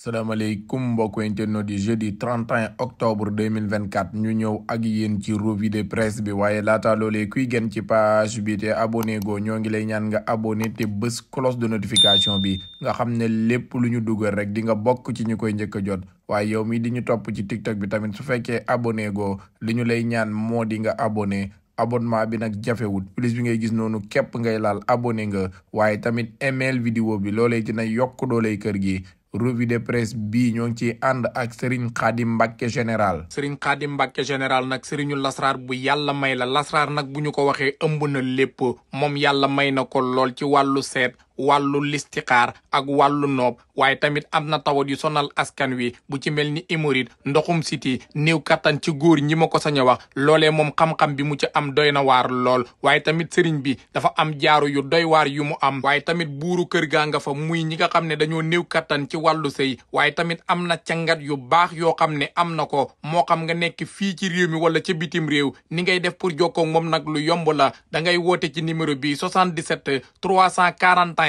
salaamaaleykum mbokku internautes yi jeudi 31 octobre 2024 ñu ñëw ak yéen ci revue de presse bi waaye laata loolee kuy gën ci page bi te abonné go ñoo ngi lay ñaan nga abonné te bés cloche de notification bi nga xam ne lépp lu ñu dugal rek di nga bokk ci ñu koy njëkk a jot waaye yow mi di ñu topp ci tiktok bi tamit su fekkee abonné go li ñu lay ñaan moo di nga abonné. abonnement bi nag jafewut plus bi ngay gis noonu képp ngay laal abonné nga waaye tamit email vidéo bi loolee dina yokk dooley kër gi revue de presse bii ñoo ngi ciy ànd ak Serigne Khadim Mbacke général. Serigne Khadim Mbacke général nag Serigne lasraar bu yàlla may la lasraar nag bu ñu ko waxee ëmb na lépp moom yàlla may na ko lool ci wàllu seet. wàllu listixaar ak wàllu noob waaye tamit am na tawat yu sonal askan wi bu ci mel ni hémorroïde ndoxum siti néew kattan ci góor ñi ma ko sañ a wax loolee moom xam-xam bi mu ci am doy na waar lool waaye tamit sëriñ bi dafa am jaaru yu doy waar yu mu am waaye tamit buuru kër gaa nga fa muy ñi nga xam ne dañoo néew kattan ci wàllu sëy waaye tamit am na cangat yu baax yoo xam ne am na ko moo xam nga nekk fii ci réew mi wala ci bitim réew ni ngay def pour jokkoo moom nag lu yomb la da ngay woote ci numéro bi 77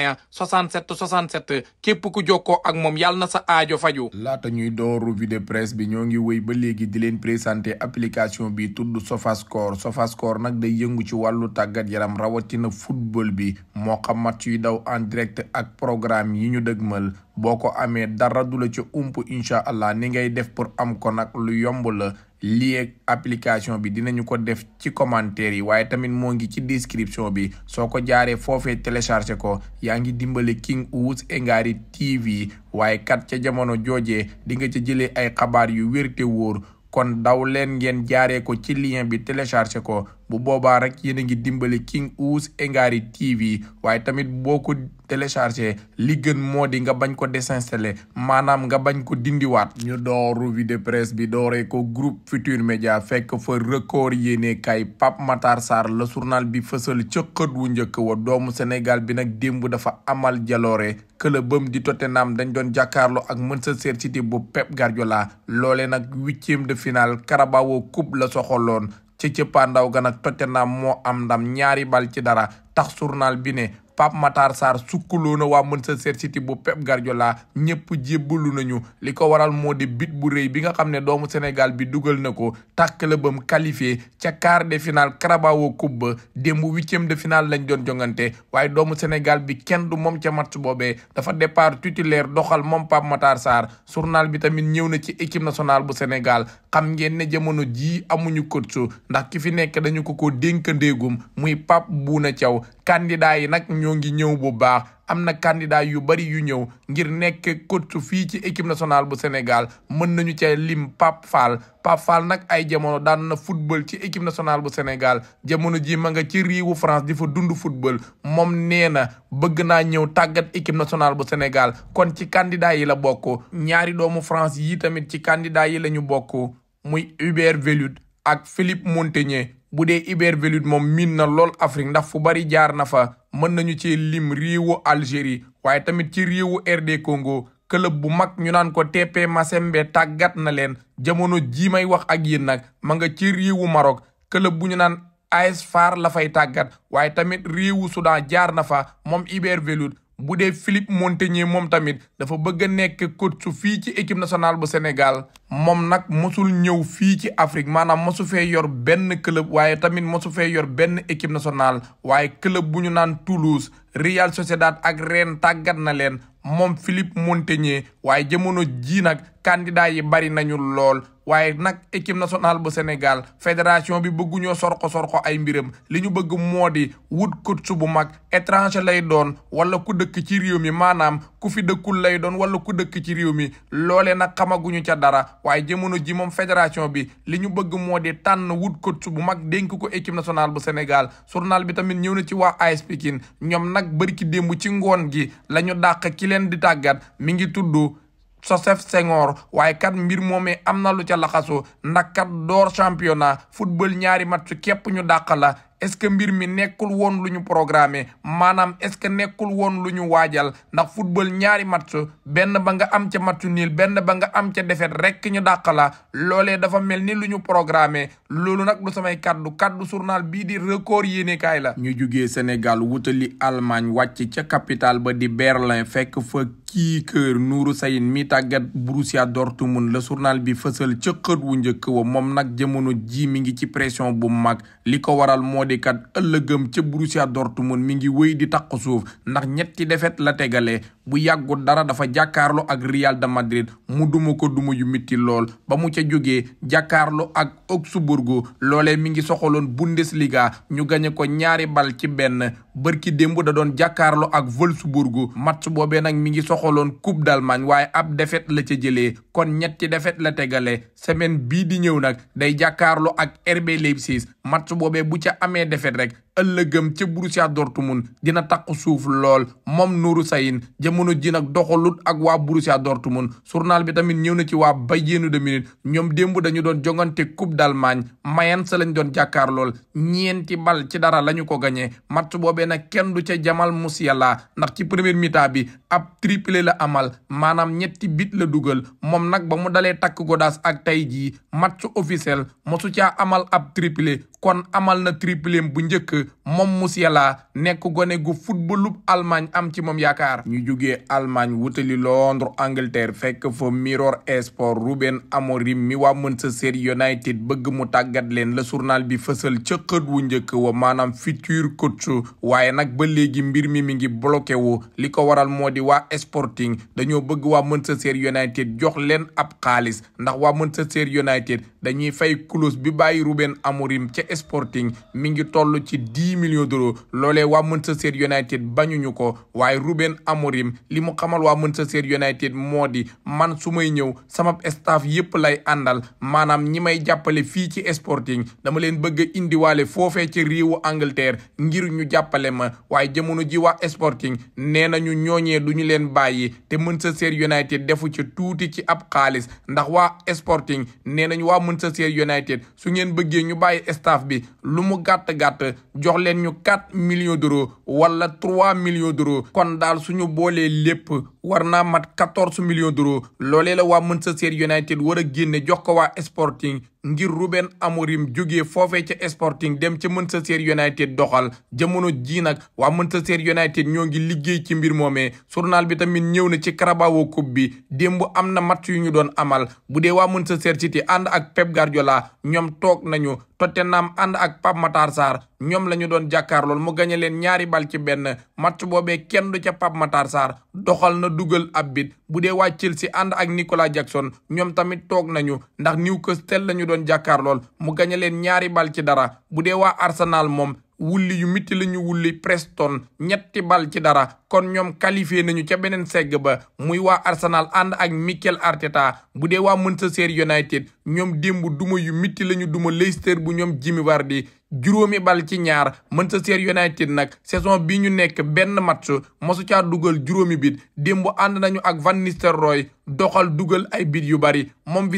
citoyen 67 67 képp ku jokkoo ak moom yàlla sa ajo faju laata ñuy door revue de bi ñoo ngi wéy ba léegi di leen présenté application bi tudd Sofascore Sofascore nag day yëngu ci wàllu tàggat yaram rawatina football bi moo xam match yuy daw en direct ak programme yi ñu dëgmal boo ko amee dara du la ca ump incha allah ni ngay def pour am ko nag lu yomb la lii application bi dinañu ko def ci commentaire yi waaye tamit moo ngi ci description bi soo ko jaaree foofee téléchargé ko yaa ngi dimbale King Ouse et Ngary TV waaye kat ca jamono joojee di nga ca jëlee ay xabaar yu wér woor kon daw leen ngeen jaaree ko ci lien bi téléchargé ko bu boobaa rek yéen a ngi dimbale King Ouse et Ngary TV waaye tamit boo téléchargé li gën moo di nga bañ ko désinstallé maanaam nga bañ ko dindiwaat ñu door revue de presse bi dooree ko groupe Futur Média fekk fa record yéene kay Pape Matar Sarr la surnal bi fësal ca wu njëkk wa doomu Sénégal bi nag démb dafa amal jaloore këlëbam di Tottenham dañ doon jàkkaarloo ak mën Manchester City bu Pep Guardiola loolee nag huitième de finale Carabao Cup la soxoloon ci ndaw ga nag Tottenham moo am ndam ñaari bal ci dara tax journal Pape Matar Sarr sukkaloo na waa sa City bu Pep Guardiola ñëpp jébbalu nañu li ko waral moo di bit bu rëy bi nga xam ne doomu Sénégal bi dugal na ko tax clubam qualifié ca quart de finale Carabao Cup ba démb huitième de finale lañ doon jongante waaye doomu Sénégal bi kenn du moom ca match boobee dafa départ titulaire doxal moom Pape Matar Sarr journal bi tamit ñëw na ci équipe nationale bu Sénégal xam ngeen ne jamono jii amuñu coach ndax ki fi nekk dañu ko ko dénkandeegum muy Pape Bouna Thiaw candidat ñoo ngi ñëw bu baax am na candidat yu bari yu ñëw ngir nekk coach fii ci équipe nationale bu Sénégal mën nañu cay lim Pape Fall Pape Fall nag ay jamono daan na football ci équipe nationale bu Sénégal jamono ji ma nga ci réewu France di fa dund football moom nee na bëgg naa ñëw tàggat équipe nationale bu Sénégal kon ci candidat yi la bokk ñaari doomu France yi tamit ci kàndidaa yi la ñu bokk muy Hubert Velud ak Philippe Montenier bu dee Ibervelut moom miin na lool Afrique ndax fu bari jaar na fa mën nañu ci lim réewu Algérie waaye tamit ci réewu RD Congo club bu mag ñu naan ko TP Mazembe tàggat na leen jamono jii may wax ak yéen nag ma nga ci réewu Maroc club bu ñu naan AS Far la fay tàggat waaye tamit réewu Soudan jaar na fa moom Ibervelut bu dee Philippe Montanier moom tamit dafa bëgg nekk coach su fii ci équipe nationale bu Sénégal moom nag mosul ñëw fii ci Afrique maanaam mosu fee yor benn club waaye tamit mosu fee yor benn équipe nationale waaye club bu ñu naan Toulouse Real Sociedad ak Rennes tàggat na leen moom Philippe Montanier waaye jamono jii nag candidat yi bari nañu lool waaye nag équipe nationale bu Sénégal fédération bi bëgguñoo sorko sorko ay mbiram li ñu bëgg moo di wut coach bu mag étranger lay doon wala ku dëkk ci réew mi maanaam ku fi dëkkul lay doon wala ku dëkk ci réew mi loole nag xamaguñu ca dara waaye jamono ji moom fédération bi li ñu bëgg moo tànn wut coach bu mag dénk ko équipe nationale bu Sénégal journal bi tamit ñëw na ci waa AS Pikine ñoom nag bërki démb ci ngoon gi la ñu dàq ki leen di tàggat mi ngi tudd Joseph Senghor waaye kat mbir moomee am na lu ca laxasu ndax kat door championnat football ñaari match képp ñu dàq est-ce que mbir mi nekkul woon lu ñu programme maanaam est-ce que nekkul woon lu ñu waajal ndax football ñaari match benn ba nga am ca match niil benn ba nga am ca defet rek ñu dàqala loole dafa mel ni lu ñu programme loolu nag du samay kaddu kaddu journal bii di record yéenekaay la. ñu jugee Sénégal wutali Allemagne wàcc ca capitale ba di Berlin fekk fa kii kër Nourou Sayin mi tàggat Borussia Dortmund la journal bi fësal ca xët wu njëkk wa moom nag jamono jii mi ngi ci pression bu mag li ko waral moo kat ëllëgëm ca Borussia Dortmund mi ngi wéy di takku suuf ndax ñetti defet la tegalee bu yàggut dara dafa jàkkaarloo ak Real de Madrid mu duma ko duma yu mitti lool ba mu ca jógee jàkkaarloo ak Augsburgo loolee mi ngi soxaloon Bundesliga ñu gañe ko ñaari bal ci benn bërki démb da doon jàkkaarloo ak Wolfsburgo match boobee nag mi ngi soxaloon Coupe d'Allemagne waaye ab défaite la ca jëlee kon ñetti défaite la tegalee semaine bii di ñëw nag day jàkkaarloo ak RB Leipzig match boobee bu ca amee défaite rek ëllëgëm ca Borussia Dortmund dina takku suuf lool moom nuru Sahin jamono ji nag ak waa Borussia Dortmund journal bi tamit ñëw na ci waa Bayern de Munich ñoom démb dañu doon jongante coupe d'Allemagne Mayence lañ doon jàkkaar lool ñeenti bal ci dara lañu ko gañee match boobee nag kenn du ca Jamal Musiala ndax ci premier mi bi ab triplé la amal maanaam ñetti bit la dugal moom nag ba mu dalee takk godaas ak tey jii match officiel mosu caa amal ab triplé kon amal na triplem bu njëkk moom Musiala nekk gone gu footballub Allemagne am ci moom yaakaar ñu jóge Allemagne wutali Londres Angleterre fekk fa Mirror Sport Ruben Amorim mi waa Manchester United bëgg mu tàggat leen la surnal bi fësal ca wu njëkk wa maanaam futur coach waaye nag ba léegi mbir mi mi ngi bloqué wu li ko waral moo di waa Sporting dañoo bëgg waa Manchester United jox leen ab xaalis ndax waa Manchester United dañuy fay clause bi bàyyi Ruben Amorim ca Sporting mi ngi toll ci dix millions loole loolee waa Manchester United bañuñu ko waay Ruben Amorim li mu xamal waa Manchester United moo di man su may ñëw sama staff yépp lay àndal maanaam ñi may jàppale fii ci Sporting dama leen bëgg indiwaale foofee ci réewu Angleterre ngir ñu jàppale ma waaye jamono ji waa Sporting nee ñu ñooñee du ñu leen bàyyi te Manchester United defu ci tuuti ci ab xaalis ndax waa Sporting nee Manchester United su ngeen bëggee ñu bàyyi staff bi lu mu gàtt-gàtt jox leen ñu quatre millions d'euros wala trois millions d'euros kon daal suñu boolee lépp war naa mat quatorze millions d'euros loolee la waa Manchester United war a génne jox ko waa Sporting ngir Ruben Amorim jógee foofee ca Sporting dem ca Manchester United doxal jamono ji nag mën Manchester United ñoo ngi liggéey ci mbir moomee journal bi tamit ñëw na ci Carabao Cup bi démb am na match yu ñu doon amal Pep Guardiola ñoom toog nañu to Tottenham ànd ak Pape Matar Sarr ñoom la ñu doon jàkkaar lool mu gañe leen ñaari bal ci benn match boobee kenn du ca Pape Matar Sarr doxal na dugal ab bit bu dee waa Chelsea ànd ak Nicolas Jackson ñoom tamit toog nañu ndax Newcastle la ñu doon jàkkaar lool mu gañe leen ñaari bal ci dara bu dee Arsenal moom wulli yu mitti la ñu wulli Preston ñetti bal ci dara kon ñoom qualifié nañu ca beneen segg ba muy waa Arsenal ànd ak Mikel Arteta bu dee waa Manchester United ñoom démb duma yu mitti la ñu duma Leicester bu ñoom Jimmy Vardy juróomi bal ci ñaar Manchester United nag saison bi ñu nekk benn match mosu caa dugal juróomi bit démb ànd nañu ak Van Nistelrooy doxal dugal ay bit yu bari moom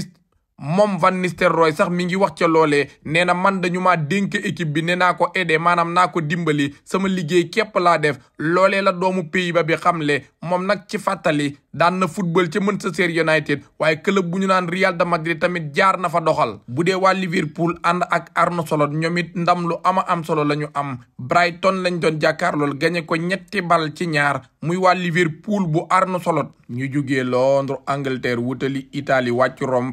moom Van Nistelrooy sax mi ngi wax ca loole nee na man dañu maa dénk bi ne naa ko aidé maanaam naa ko dimbali sama liggéey képp laa def loolee la doomu pays ba xam le moom nag ci fàttali daan na football ca Manchester United waaye club bu ñu naan Real de Madrid tamit jaar na fa doxal. bu dee waa Liverpool ànd ak Arne Slot ñoom it ndam lu ama am solo la ñu am Brighton lañ doon jàkkaarlool gañe ko ñetti bal ci ñaar muy waa Liverpool bu Arne Slot. ñu jugee Londres Angleterre wutali Italie wàcc Rome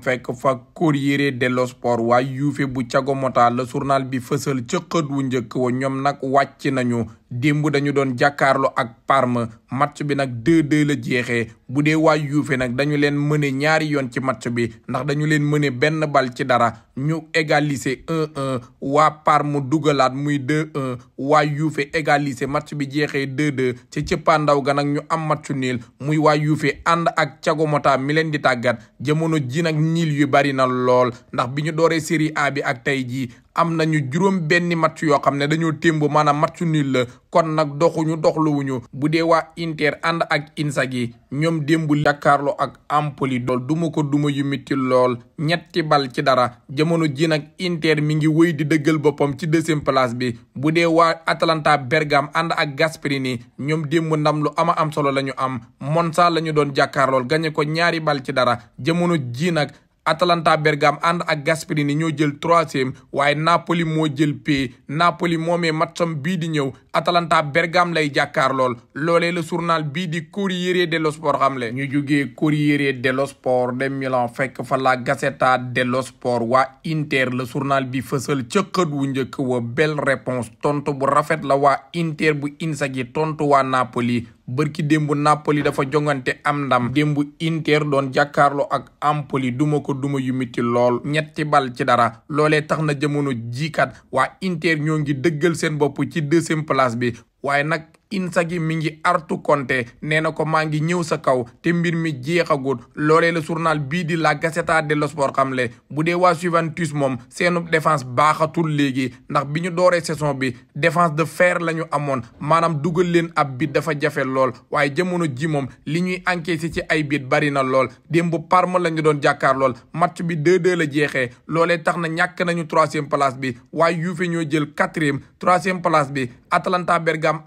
ak Corriere dello Sport waa Juve bu Thiago Motta la journal bi fësal ca wu njëkk wa ñoom nag wàcc nañu démb dañu doon jàkkaarloo ak Parme match bi nag 2-2 la jeexee bu dee waa Juve nag dañu leen mëne ñaari yoon ci match bi ndax dañu leen mëne benn bal ci dara ñu égaliser 1-1 waa Parme dugalaat muy 2-1 waa Juve égaliser match bi jeexee 2-2 ci cëppaandaw ga nag ñu am match nul muy waa Juve ànd ak Thiago mi leen di tàggat jamono ji nag ñiil yu bari na lool ndax bi ñu dooree Serie A bi ak tey jii am nañu juróom benni match yoo xam ne dañoo témbo maanaam match nul la kon nag doxuñu doxluwuñu bu dee waa Inter ànd ak Inzaghi ñoom démb jàkkaarloo ak Empoli dool duma ko duma yu mitti lool ñetti bal ci dara jamono ji nag Inter mi ngi wéy di dëggal boppam ci deuxième place bi bu dee waa Atalanta Bergame ànd ak Gasperini ñoom démb ndam lu ama am solo la ñu am Monza la ñu doon jàkkaarlool gañe ko ñaari bal ci dara jamono ji nag Atalanta Bergame ànd ak ni ñoo jël troisième waaye Napoli moo jël pay Napoli moomee matcham bii di ñëw Atalanta Bergame lay jàkkaar lool loolee la journal bii di Corriere dello Sport xamle ñu jugee Corriere dello Sport de Milan fekk fala la Gazzetta dello Sport waa Inter la surnal bi fësal ca xët wu njëkk wa belle réponse tontu bu rafet la waa Inter bu Inzaghi tontu waa Napoli bërki démb Napoli dafa jongante am ndam démb Inter doon jàkkaarloo ak Empoli duma ko duma yu miti lool ñetti bal ci dara loolee tax na jamono jikat waa Inter ñoo ngi dëggal seen bopp ci deuxième place bi waaye nag insa gi mi ngi artu Conte nee na ko maa ngi ñëw sa kaw te mbir mi jeexagut loolee la surnal bii di la Gazzetta dello xam le bu dee waa Juventus moom seenu défense baaxatul léegi ndax bi ñu dooree saison bi défense de fer la ñu amoon maanaam dugal leen ab bi dafa jafe lool waaye jamono ji moom li ñuy encaissé ci ay bit bari na lool démb Parma la ñu doon jàkkaar lool match bi 2-2 la jeexee loolee tax na ñàkk nañu troisième palace bi waaye Juve ñoo jël quatrième troisième place bi Atalanta Bergame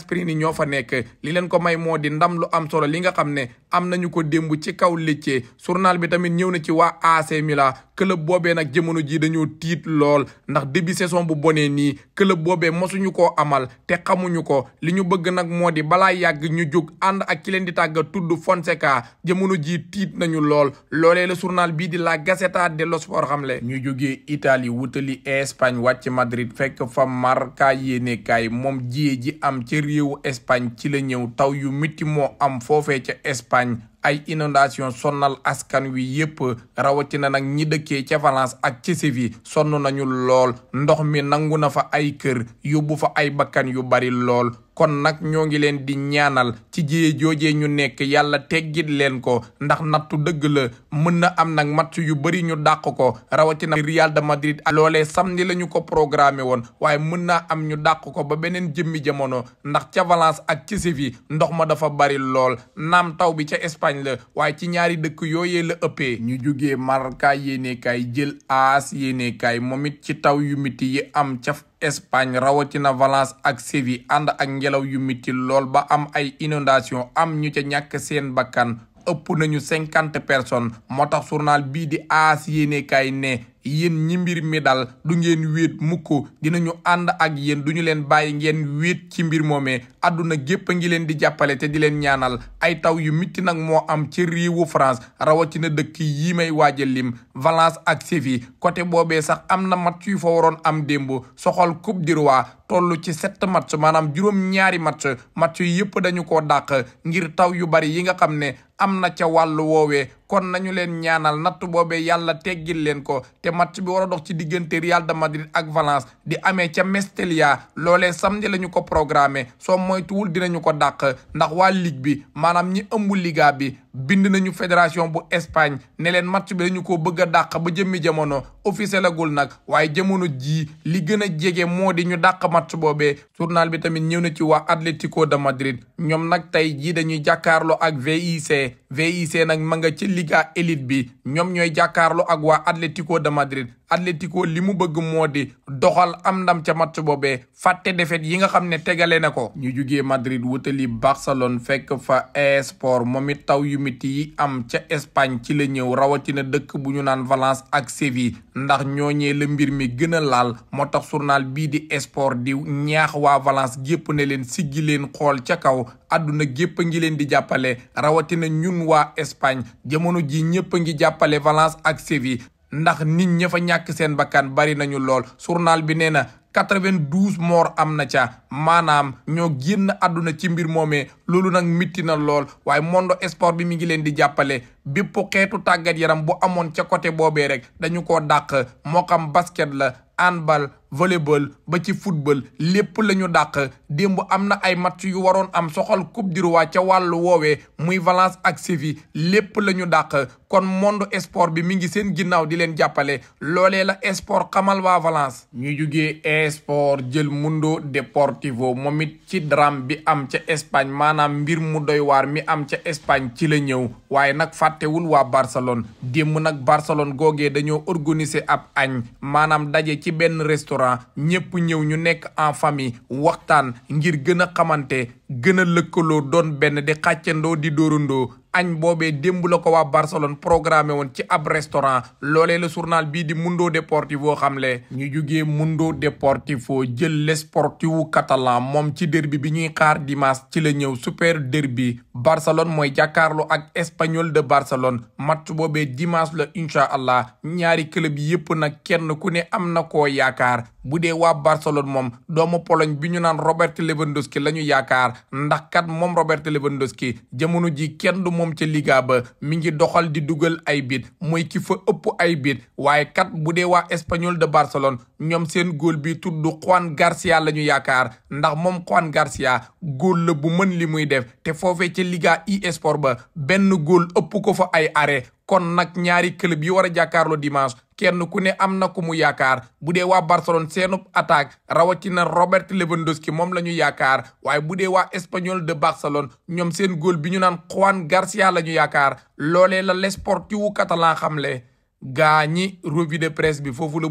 Gasperini ñoo fa nekk li leen ko may moo di ndam lu am solo li nga xam ne am nañu ko démb ci kaw Lecce journal bi tamit ñëw na ci waa AC Milan club boobee nag jamono jii dañoo tiit lool ndax début saison bu bonee nii club boobee mosuñu koo amal te xamuñu ko li ñu bëgg nag moo di balaa yàgg ñu jóg ànd ak ki leen di tàgga tudd Fonseca jamono jii tiit nañu lool loole la surnal bii di la Gazzetta dello Sport xamle. ñu jógee Italie wutali Espagne wàcc Madrid fekk fa Marca yéenekaay moom jiyee ji am ci réewu Espagne ci la ñëw taw yu miti moo am foofee ca Espagne. ay inondation sonnal askan wi yépp rawatina nag ñi dëkkee ca Valence ak ci Séville sonn nañu lool ndox mi nangu na fa ay kër yóbbu fa ay bakkan yu bari lool kon nag ñoo ngi leen di ñaanal ci jiyee joojee ñu nekk yàlla teggit leen ko ndax nattu dëgg la mën na am nag match yu bëri ñu dàq ko rawatina Real de Madrid loolee samedi la ñu ko programmé woon waaye mën naa am ñu dàq ko ba beneen jëmmi jamono ndax ca Valence ak ci Séville ndox ma dafa bari lool naam taw bi ca Espagne la waaye ci ñaari dëkk yooyee la ëppee ñu jugee Marca yéene jël aas yéene kaay moom ci taw yu miti yi am caf Espagne rawatina Valence ak Séville ànd ak ngelaw yu miti lool ba am ay inondation am ñu ca ñàkk seen bakkan ëpp nañu cinquante personnes moo tax journal bii di AS yéenekaay ne yéen ñi mbir mi dal du ngeen wéet mukk dinañu ànd ak yéen du ñu leen bàyyi ngeen wéet ci mbir moomee àdduna gépp a ngi leen di jàppale te di leen ñaanal ay taw yu mitti nag moo am ci réewu France rawatina dëkk yi may waaja lim Valence ak Séville côté boobee sax am na match yu fa waroon am démb soxal coupe du roi toll ci sept match maanaam juróom-ñaari match match yëpp dañu ko dàq ngir taw yu bari yi nga xam ne am na ca wàllu woowee kon nañu leen ñaanal natt boobee yàlla teggil leen ko te match bi war a dox ci diggante Real de Madrid ak Valence di amee ca Mestalla loolee sam la ñu ko programmé soo moytuwul dinañu ko dàq ndax waa ligue bi maanaam ñi ëmb liga bi bind nañu fédération bu Espagne ne leen match bi dañu ko bëgg a dàq ba jëmmi jamono officiel agul nag waaye jamono jii li gën a jege moo di ñu dàq match boobee journal bi tamit ñëw na ci waa Atlético de Madrid ñoom nag tey jii dañuy jàkkaarloo ak VIC VIC nag ma nga ci Liga élite bi ñoom ñooy jàkkaarloo ak waa Atlético de Madrid Atlético li mu bëgg moo di doxal am ndam ca match boobee fàtte defet yi nga xam ne tegale na ko ñu jugee Madrid wutali Barcelone fekk fa esport moom it taw yu miti yi am ca Espagne ci la ñëw rawatina dëkk bu ñu naan Valence ak Séville ndax ñooñee la mbir mi gën a laal moo tax journal bii di esport di ñaax waa Valence gépp ne leen sijji leen xool ca kaw àdduna gépp a ngi leen di jàppale rawatina ñun waa Espagne jamono ji ñëpp a ngi jàppale Valence ak Séville ndax nit ña fa ñàkk seen bakkan bari nañu lool journal bi nee na 92 morts am na ca maanaam ñoo génn àdduna ci mbir moomee loolu nag mitti na lool waaye mondo sport bi mi ngi leen di jàppale bépp xeetu tàggat yaram bu amoon ca côté boobee rek dañu ko dàq moo xam basket la handball volleyball ba ci football lépp la ñu dàq démb am na ay match yu waroon am soxal coupe du roi ca wàllu woowee muy Valence ak Séville lépp la ñu dàq kon mondo sport bi mi ngi seen ginnaaw di leen jàppale loolee la sport xamal wa Valence. ñu jugee sport jël Mundo Deportes Deportivo moom it ci drame bi am ca Espagne maanaam mbir mu doy waar mi am ca Espagne ci la ñëw waaye nag fàttewul waa Barcelone démb nag Barcelone googee dañoo organiser ab añ maanaam daje ci benn restaurant ñëpp ñëw ñu nekk en famille waxtaan ngir gën a xamante gën a lëkkaloo doon benn di xàccandoo di dóorandoo añ boobee démb la ko waa Barcelone programmé woon ci ab restaurant loolee la journal bii di Mundo Deportivo xamle ñu jugee Mundo Deportivo jël l'Esportiu catalan moom ci derbi bi ñuy xaar dimas ci la ñëw super derbi Barcelone mooy jàkkaarloo ak Espagnol de Barcelone match boobee dimanche la incha allah ñaari club yépp nag kenn ku ne am na koo yaakaar bu dee waa Barcelone moom doomu Pologne bi ñu naan Robert Lewandowski la ñu yaakaar ndax kat moom Robert Lewandowski jamono ji kenn du moom ca Liga ba mi ngi doxal di dugal ay bit mooy ki fa ëpp ay bit waaye kat bu dee waa Espagnol de Barcelone ñoom seen góol bi tudd Juan Garcia la ñu yaakaar ndax moom Juan Garcia góol la bu mën li muy def te foofee ca Liga e-sport ba benn góol ëpp ko fa ay arrêt kon nag ñaari club yi war a jàkkaarloo dimanche kenn ku ne am na ku mu yaakaar bu dee waa Barcelone seenub attaque rawatina Robert Lewandowski moom la ñu yaakaar waaye bu dee waa Espagnol de Barcelone ñoom seen góol bi ñu naan Juan Garcia la ñu yaakaar loolee la l'esportivo catalan xamle gaa ñi revue de presse bi foofu la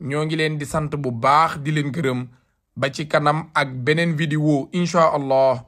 ñoo ngi leen di sant bu baax di leen gërëm ba ci kanam ak beneen vidéo incha allah